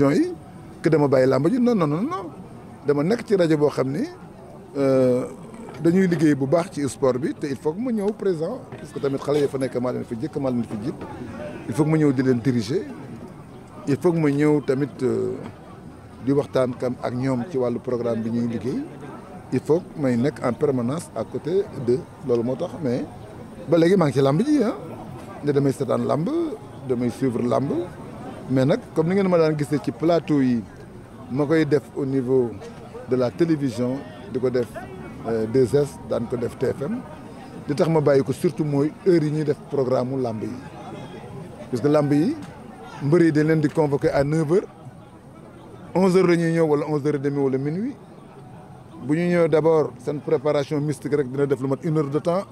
télévision yi que dama bàyyi làmb ji non non non dama nekk ci rajo boo xam ni euh, dañuy liggéey bu baax ci sport bi te il faut que ma ñëw présent parce que tamit xale yi fa nekk maa leen fi jëkk maa leen fi jiit il faut que ma ñëw di leen diriger il faut que ma ñëw tamit euh, di waxtaan kam ak ñoom ci wàllu programme bi ñuy liggéey il faut que may nekk en permanence à côté de loolu moo tax mais ba léegi maa ngi ci làmb ji ah ne damay seetaan làmb damay suivre làmb mais nag comme ni ngeen ma daan gisee ci plateau yi ma koy def au niveau de la télévision di ko def 2S euh, daan ko def TFM li tax ma bàyyi ko surtout mooy heure yi ñuy def programme mu làmb yi parce que làmb yi mbër yi dañ leen di convoqué à 9h 11h la ñuy ñëw wala 11h30 wala minuit bu ñu ñëwee d' abord seen préparation mystique rek dina def lu mat une heure de temps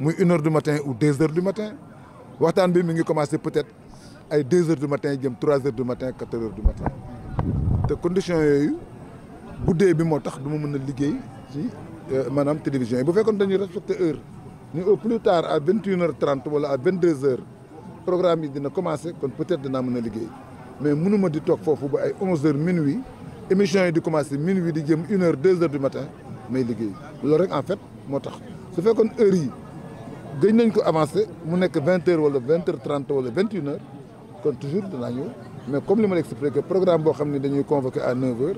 muy une heure du matin ou deux heures du matin waxtaan bi mi ngi commencé peut-être. ay deux heures du matin jëm trois heures du matin quatre heures du matin te condition yooyu guddee bi moo tax du ma mën a liggéey ci euh, maanaam télévision yi bu fekkoon dañuy respecté heure ni au plus tard à vingt heures trente wala a vingt deux heures programme yi dina commencé kon peut-être dinaa mën a liggéey mais munuma di toog foofu ba ay onze heures minuit émission yi di commencé minuit di jëm une heure deux heures du matin may liggéey loolu rek en fait moo tax su fekkoon heure yi gëj nañ ko avancé mu nekk vingt wala vingt heures wala vingt une heures kon toujours dina ñëw mais comme li ma la expliqué programme boo xam ne dañuy convoqué à 9h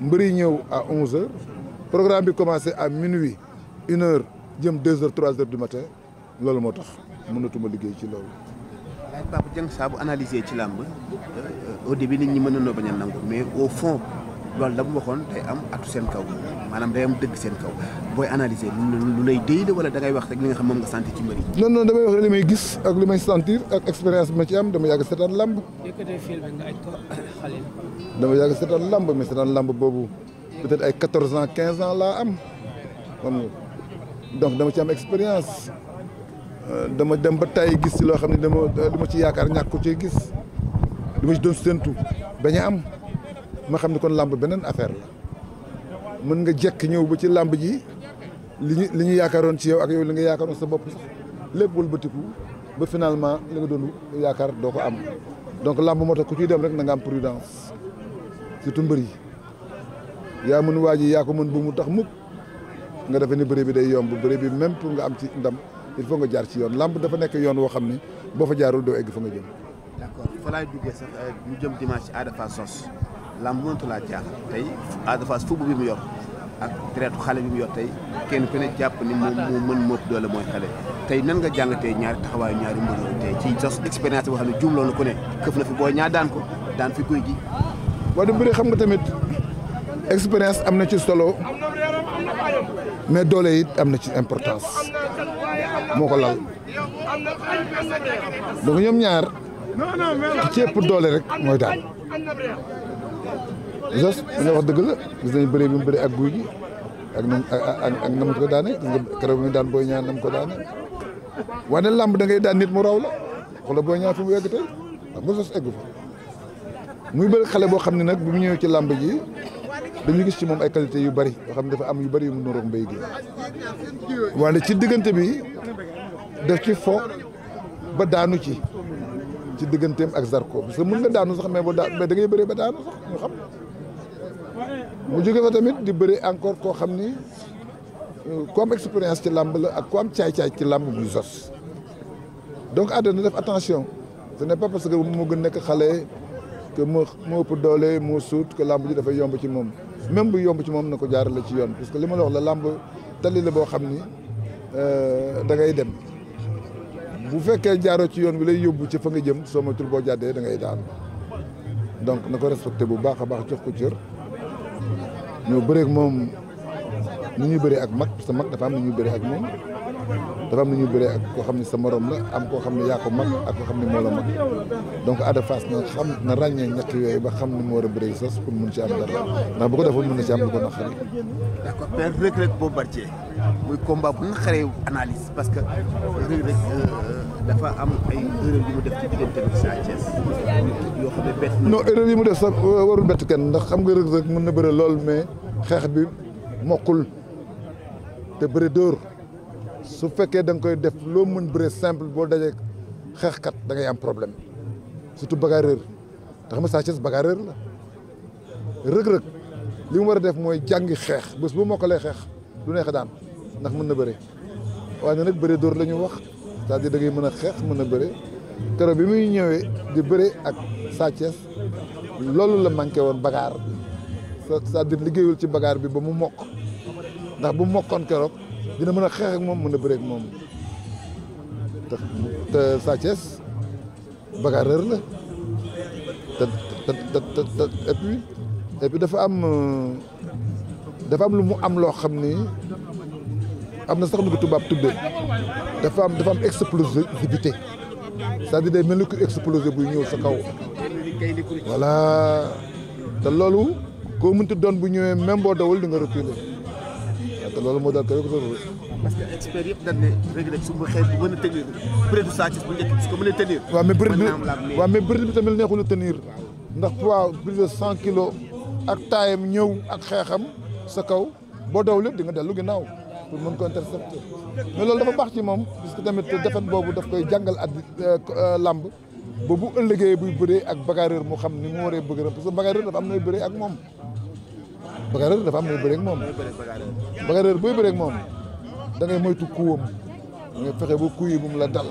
mbër yi ñëw à 11h programme bi commencé à minuit une heure jëm 2h 3h du matin loolu moo tax mënatuma liggéey ci loolu. waaye Pape Dieng saa bu analysé ci làmb euh, au début nit ñi mën nañoo bañ nangu mais au fon loolu la mu waxoon am atu seen kaw maanaam day am dëgg seen kaw booy analyser lu lay déy la wala da ngay wax rek li nga xam moom nga sentir ci mbir yi. non non may gis ak li may sentir ak expérience ci am dama yàgg seetaan lamb. yëkkatee film nga aj yàgg seetaan lamb mais seetaan lamb boobu ay quatorze ans quinze ans laa am xam donc dama ci am expérience euh, dama dem ba tay gis ci loo xam ne dama li ma ci yaakaar ñàkk ko cee gis lu ma ci doon séntu bañ a am. ma xam ne kon làmb beneen affaire la mën nga jekk ñëw ba ci làmb ji li ñu li ñu yaakaaroon ci yow ak yow li nga yaakaaroon sa bopp sax lépp wëlbatiku ba finalement li nga doon yaakaar doo ko am donc làmb moo tax ku ciy dem rek na nga am prudence surtout mbër yi yaa mën waa ji yaa ko mën bu mu tax mukk nga defe ni bëre bi day yomb bëre bi même pour nga am ci ndam il faut nga jaar ci yoon làmb dafa nekk yoon woo xam ne boo fa jaarul doo egg fa nga jëm. d'accord fa laay euh, jëm dimanche Ada Fass làmb mënatu laa jaaxal tey Ada Fass fubu bi mu yor ak traite xale bi mu yor tey kenn ku ne jàpp ni moom moo mën moo doole mooy xale tey nan nga jàngatee ñaari taxawaayu ñaari mbër yooyu tey ci sos expérience boo xam ne jumloo na ku ne këf na fi boo ñaa daan ko daan fi guy gi waaw du bëri xam nga tamit expérience am na ci solo mais doole it am na ci importance moo ko lal donc ñoom ñaar ki ci doole rek mooy daal Zoss nga wax dëgg la gis nañ bëri bi mu bëri ak guy gi ak na ak na mu ko daane gis daan booy ñaan na ko daane waaye làmb da daan nit mu raw la xoolal booy ñaan fi mu yegg tey xam nga Zoss fa muy bëri xale boo xam ne nag bi mu ñëwee ci làmb ji dañu gis ci moom ay qualité yu bari yoo xam ne dafa am yu bari yu mu noroog mbay gi waaye ci diggante bi daf ci fo ba daanu ci ci digganteem ak Zarko parce que mën nga daanu sax mais boo daa mais da bëree ba daanu sax ñu xam mu jóge fa tamit di bëri encore koo xam ni euh, ku am expérience ci làmb la ak ko am caay-caay ci làmb bu sos donc àddina def attention ce n'est pas parce que moo gën nekk xale que mu moo ëpp doole moo suut que làmb ji dafay yomb ci moom même bu yomb ci moom na ko jaarale ci yoon parce que li ma la wax la làmb tali la boo xam ni euh, da ngay dem bu fekkee jaaroo ci yoon bi lay yóbbu ci fa nga jëm soo ma moytul boo jàddee da ngay daanu donc na ko respecté bu baax a baax jox ko cër ñoo bëreeg moom nu ñuy bëree ak mag sa mag dafa am nu ñuy bëree ak moom dafa am nu ñuy bëree ak koo xam ne sa morom la am koo xam ne yaa ko mag ak koo xam ne moo la mag donc Ada Fass na xam na ràññee ñett yooyu ba xam ne mu war a bëree sos pour mun ci am dara ndax bu ko defoon mun na ci am lu ko naqari. d'accord mais Reug Reug Bombardier muy combat bu naqaree parce que Reug Reug euh, dafa am ay erreur mu def Sa Thiès yoo xam yi mu def sax euh, warul bett kenn ndax xam nga Reug Reug mën na bëre lool mais xeex bi mokkul te bëre dóor su fekkee danga koy def loo mën bëre simple boo dajee xeexkat da ngay am problème surtout bagarreur tax ma Sa Thiès bagarreur la Reug Reug li mu war a def mooy jàngi xeex bés bu mokkalee xeex du neex daan ndax mën na bëre waaye nag bëre dóor la ñu wax. c'est-à-dire mën a xeex mën a bëre kero bi muy ñëwee di bëre ak Sa Thiès loolu la manqué woon bagaar cest à liggéeyul ci bagaar bi ba mu mokk ndax bu mokkoon keroog dina mën a xeex ak moom mën a bëre ak moom te te Sa Thiès bagaareur la te te te te et puis dafa am euh, dafa am lu mu am loo xam ni am na sax nu ko tubaab tuddee dafa am dafa am explosivité c'est-à-dire day mel ni ku explosé buy ñëw sa kaw voilà te loolu koo mënti doon bu ñëwee même boo dawul di nga reculer te loolu moo daal kay ko a tenir peut être saa ci bu njëkk su mais bëri bi waaw mais bëri bi tamit neexul a tenir ndax poids plus de cent kilos ak taayam ñëw ak xeexam sa kaw boo dawul di nga dellu gi ginnaaw. pour mën ko intercepter mais loolu dafa baax ci moom parce que tamit defet boobu daf koy jàngal at euh, làmb ba bu ëllëgee buy bëree ak bagarreur moo xam ni mu waree bëgg parce que bagarreur dafa am nay bëree ak moom bagarreur dafa am nay bëree ak moom bagarreur booy bëree moom da ngay moytu kuwam da ngay fexe ba kuyi bu mu la dal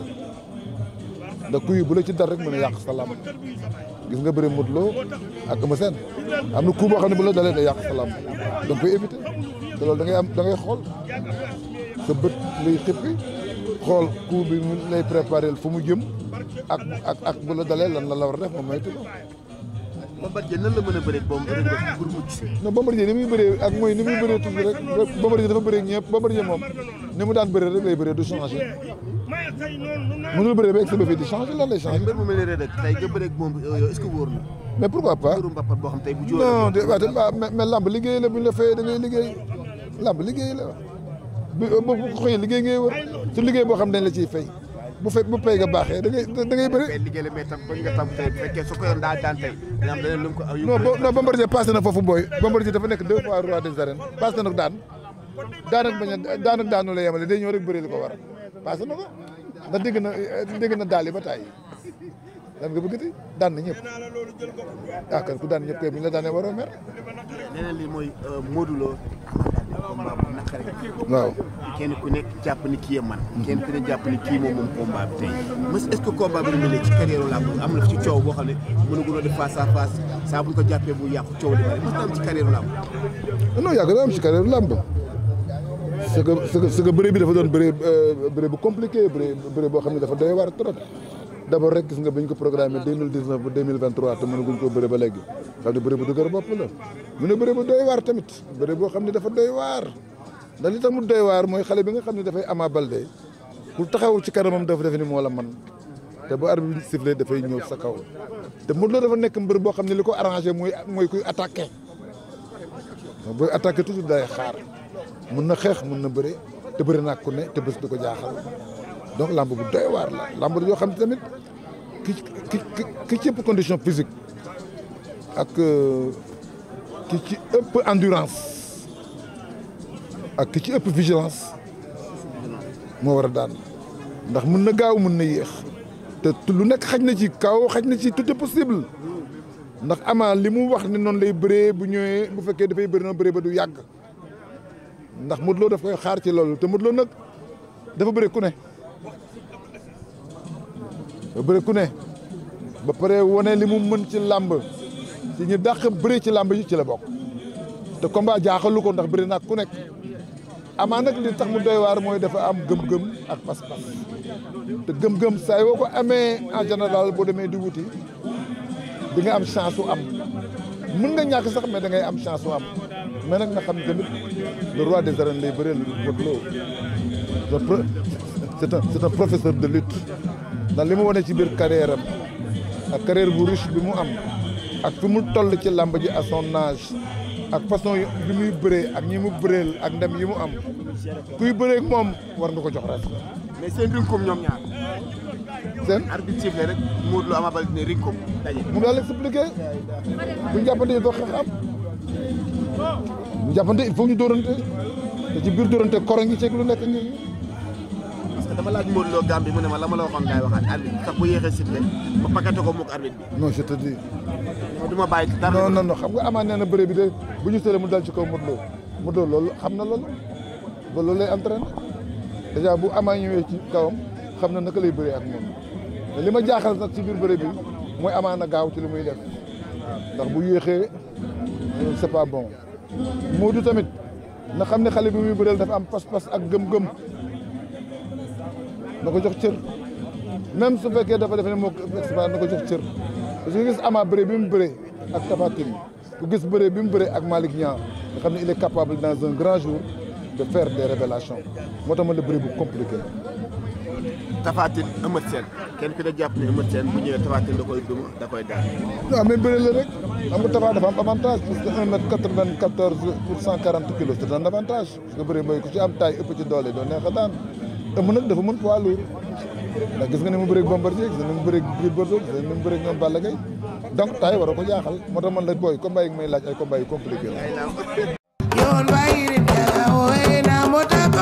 ndax kuyi bu la ci dal rek mën a yàq sa làmb gis nga bëri Modou loo ak Eumeu Sène am na ku boo xam ne bu la dalee day yàq sa làmb koy éviter te loolu da am da xool sa bët lay xippi xool coup bi mu lay préparé fu mu jëm ak ak ak bu la dalee lan la la war a def moom mooy tudd. Bombardier nan la mën a bëree pour ni moom ni mu daan bëree rek lay bëree du changé mënul bëree ba excès ba di changé lan lay changé. moom est-ce que wóor na. mais pourquoi pas. non de waaw liggéey la bu ñu la liggéey. làmb liggéey la boo xëyee liggéey ngay wër te liggéey boo xam dañ la ciy fay bu fay bu pay nga baaxee da ngay bëri. liggéey la mais nga tam tey bu fekkee su ko yoon daa na foofu booy Bombardier dafa nekk deux fois roi des arènes passé na ko daan daan ak bañ a daan ak daanu la yemale day ñëw rek bëri li ko war passé na ko na daal yi ba taay lan nga bëggati daan na ñëpp ah kan ku daan ñëpp kay bu ñu la daanee waroo mer. leneen li mooy euh, Modou Lo combat bu naqari. waaw kenn ku nekk jàpp ni kii man. kenn ku nekk jàpp ni kii moom moom combat bi tey mës est-ce que combat bi mu ne ci carrière làmb am na ci coow boo xam ne mënaguloo def face à face saa bu ñu ko jàppee bu yàqu coow li bari mës na am ci carrière làmb. non yàgg na am ci carrière làmb. c'est que c'est que bëre bi dafa doon bëre euh, bëre bu boo xam ne dafa doy waar trop. d'abord rek gis nga bi ko programmé 2019 ba 2023 te mënaguñ koo bëre ba léegi xam ne bëre bu dëgër bopp la mu ne bëre bu doy waar tamit bëre boo xam ne dafa doy waar ndax li tax mu doy waar mooy xale bi nga xam ne dafay Ama Baldé ku taxaw ci kanamam dafa defe ni moo la man te bu arbitre bi sifflé dafay ñëw sa kaw te Modou Lô dafa nekk mbër boo xam ne li ko arrangé mooy mooy kuy attaqué booy attaqué toujours day xaar mun na xeex mun na bëre te bëri naa ku ne te bés du ko jaaxal donc lamb bu doy waar la lamb yoo xam ne tamit ki ki ci ëpp condition physique ak euh, ki ci ëpp endurance ak ki ci ëpp vigilance moo war a daan ndax mën na gaaw mën na yéex te lu nekk xaj na ci kaw xaj na ci tout est possible ndax ama li mu wax ne noonu lay bëree bu ñëwee bu fekkee dafay bëri noonu bëree ba du yàgg ndax Modou loo daf koy xaar ci loolu te Modou loo nag dafa bëri ku ne. bëre ku ne ba pare wane li mu mën ci làmb ci ñu dàq bëri ci làmb yi ci la bokk te combat jaaxalu ko ndax bëri naa ku nekk amaa nag li tax mu doy waar mooy dafa am gëm-gëm ak pas-pas te gëm-gëm saa yoo ko amee en général boo demee di wuti di nga am chance su am mën nga ñàkk sax mais da ngay am chance su am mais nag nga xam tamit le roi des arènes lay bëreel Modou Lo c'est un professeur de lutte ndax li mu wane ci biir carrière ak carrière bu riche bi mu am ak fi mu toll ci làmb ji à son âge ak façon bi muy bëree ak ñi mu bëreel ak ndem yi mu am kuy bëree moom war nga ko jox rek. mais seen seen arbitre siffle rek Modou Lo Ama mu daal expliqué bu ñu jàppante doo am bu ñu jàppante il faut ñu dóorante te biir dóorante koro ngi lu nekk ñi dama laaj Modou Lo Gambie mu ne ma la ma la waxoon waxaat arbitre sax bu yéexee sifflé ma paqueté ko moog arbitre bi. non je te dis. du ma bàyyi ci dara. non non xam nga amaa nee na bi bu ñu tëlee mu dal ci kaw Modou Lo Modou Lo loolu xam na loolu ba loolu lay entraîné dèjà bu amaa ñëwee ci kawam xam na naka lay bëree ak moom li ma jaaxal nag ci biir bëre bi mooy amaa na gaaw ci muy def ndax bu yéexee c'est pas bon Modou tamit na xam ne xale bi muy bëreel dafa am pas-pas ak gëm-gëm. na ko jox cër même su fekkee dafa defe ne moo ko expérience na ko jox cër parce que gis ama bëre bi mu bëre ak Tapha Tine ku gis bëre bi mu bëre ak Malick Niang nga xam ne il est capable dans un grand jour de faire des révélations moo tax ma la bëre bu compliqué Tapha Tine Eumeu Sène kenn ku ne jàpp ne Eumeu Sène bu ñëwee Tapha Tine da koy duma da dafa am avantage parce que 1 mètre 94 pour 140 kilos c'est un avantage parce que bëre mooy ku ci am taille ëpp ci daan. ëmb nag dafa mën poids lourd ndax gis nga ne mu bëreeg Bombardier gis nga ne mu bëreeg Gris Bordeaux gis nga ne Balla Gaye donc taay war ko jaaxal moo tax man la booy combat yi may laaj ay combat yu compliqué la